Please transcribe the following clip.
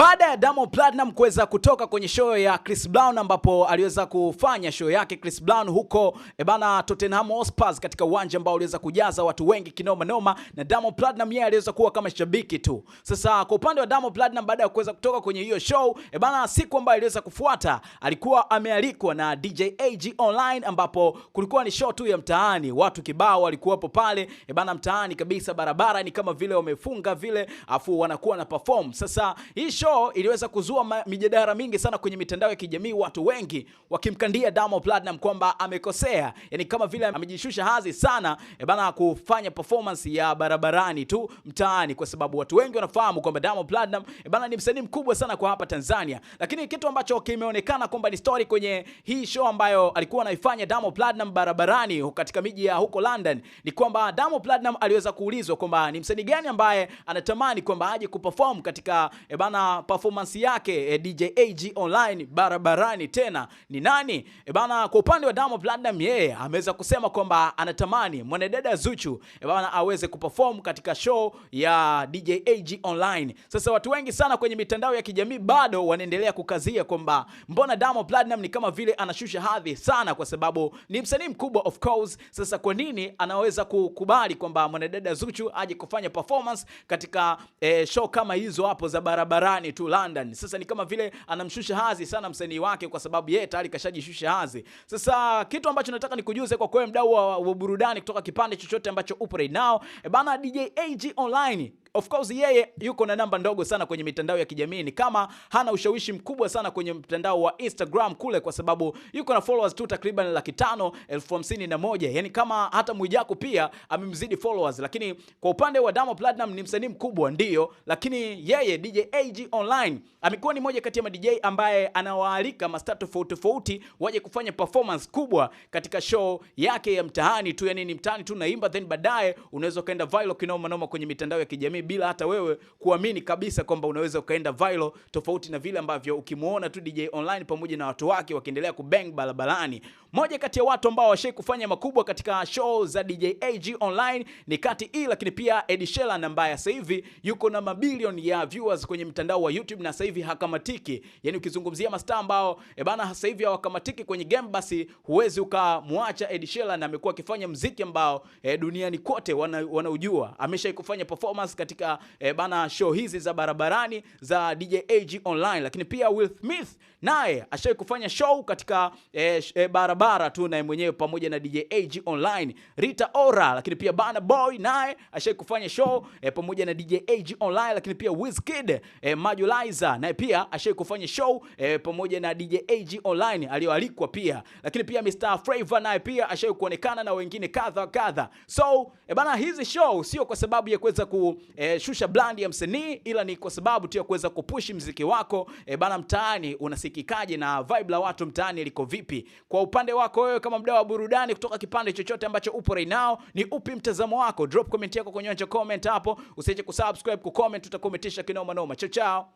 Baada ya Diamond Platnumz kuweza kutoka kwenye show ya Chris Brown ambapo aliweza kufanya show yake Chris Brown huko e bana Tottenham Hotspur katika uwanja ambao uliweza kujaza watu wengi kinoma noma, na Diamond Platnumz yeye aliweza kuwa kama shabiki tu. Sasa kwa upande wa Diamond Platnumz, baada ya kuweza kutoka kwenye hiyo show e bana, siku ambayo iliweza kufuata alikuwa amealikwa na DJ AG Online, ambapo kulikuwa ni show tu ya mtaani, watu kibao walikuwapo pale e bana, mtaani kabisa, barabara ni kama vile wamefunga vile, afu wanakuwa na perform. Sasa hii show show iliweza kuzua mijadala mingi sana kwenye mitandao ya kijamii, watu wengi wakimkandia Diamond Platinum kwamba amekosea, yani kama vile amejishusha hadhi sana e bana, kufanya performance ya barabarani tu mtaani, kwa sababu watu wengi wanafahamu kwamba Diamond Platinum e bana ni msanii mkubwa sana kwa hapa Tanzania, lakini kitu ambacho kimeonekana kwamba ni story kwenye hii show ambayo alikuwa anaifanya Diamond Platinum barabarani katika miji ya huko London ni kwamba Diamond Platinum aliweza kuulizwa kwamba ni msanii gani ambaye anatamani kwamba aje kuperform katika e bana performance yake e, eh, DJ AG online barabarani tena ni nani e bana. Kwa upande wa Diamond Platnumz yeye ameweza kusema kwamba anatamani mwanadada Zuchu e bana aweze kuperform katika show ya DJ AG online. Sasa watu wengi sana kwenye mitandao ya kijamii bado wanaendelea kukazia kwamba mbona Diamond Platnumz ni kama vile anashusha hadhi sana, kwa sababu ni msanii mkubwa of course. Sasa kwa nini anaweza kukubali kwamba mwanadada Zuchu aje kufanya performance katika e, show kama hizo hapo za barabarani fulani tu London. Sasa ni kama vile anamshusha hazi sana msanii wake kwa sababu yeye tayari kashajishusha hazi. Sasa kitu ambacho nataka nikujuze kwa kweli mdau wa burudani kutoka kipande chochote ambacho upo right now. E bana DJ AG Online of course yeye yuko na namba ndogo sana kwenye mitandao ya kijamii, ni kama hana ushawishi mkubwa sana kwenye mtandao wa Instagram kule, kwa sababu yuko na followers tu takriban laki tano elfu hamsini na moja yani kama hata Mwijaku pia amemzidi followers. Lakini kwa upande wa Diamond Platnumz ni msanii mkubwa ndio, lakini yeye DJ AG Online amekuwa ni moja kati ya madj ambaye anawaalika mastaa tofauti tofauti waje kufanya performance kubwa katika show yake ya mtaani tu, yani ni mtaani tu naimba, then baadaye unaweza ukaenda viral kinoma noma kwenye mitandao ya kijamii yani bila hata wewe kuamini kabisa kwamba unaweza ukaenda viral, tofauti na vile ambavyo ukimuona tu DJ Online pamoja na watu wake wakiendelea kubang barabarani. Moja kati ya watu ambao washai kufanya makubwa katika show za DJ AG Online ni kati hii, lakini pia Ed Sheeran ambaye sasa hivi yuko na mabilioni ya viewers kwenye mtandao wa YouTube na sasa hivi hakamatiki. Yani ukizungumzia masta ambao e bana sasa hivi hawakamatiki kwenye game, basi huwezi ukamwacha Ed Sheeran, amekuwa akifanya mziki ambao e, duniani kote wanaujua. Ameshai kufanya performance katika e, bana show hizi za barabarani za DJ AG Online, lakini pia Will Smith naye ashawahi kufanya show katika e, e, barabara tu naye mwenyewe pamoja na DJ AG Online, Rita Ora, lakini pia Bana Boy naye ashawahi kufanya show e, pamoja na DJ AG Online, lakini pia Wizkid e, Majulaza naye pia ashawahi kufanya show e, pamoja na DJ AG Online aliyoalikwa pia, lakini pia Mr Flavor naye pia ashawahi kuonekana na wengine kadha kadha. So e, bana hizi show sio kwa sababu ya kuweza ku e, shusha brand ya msanii, ila ni kwa sababu tu ya kuweza kupushi mziki wako e, bana mtaani unasikikaje na vibe la watu mtaani liko vipi? Kwa upande wako wewe kama mdau wa burudani kutoka kipande chochote ambacho upo right now, ni upi mtazamo wako? Drop comment yako kwenye comment hapo, usiache kusubscribe, kucomment, utakometisha umetisha kinoma noma. Chao chao.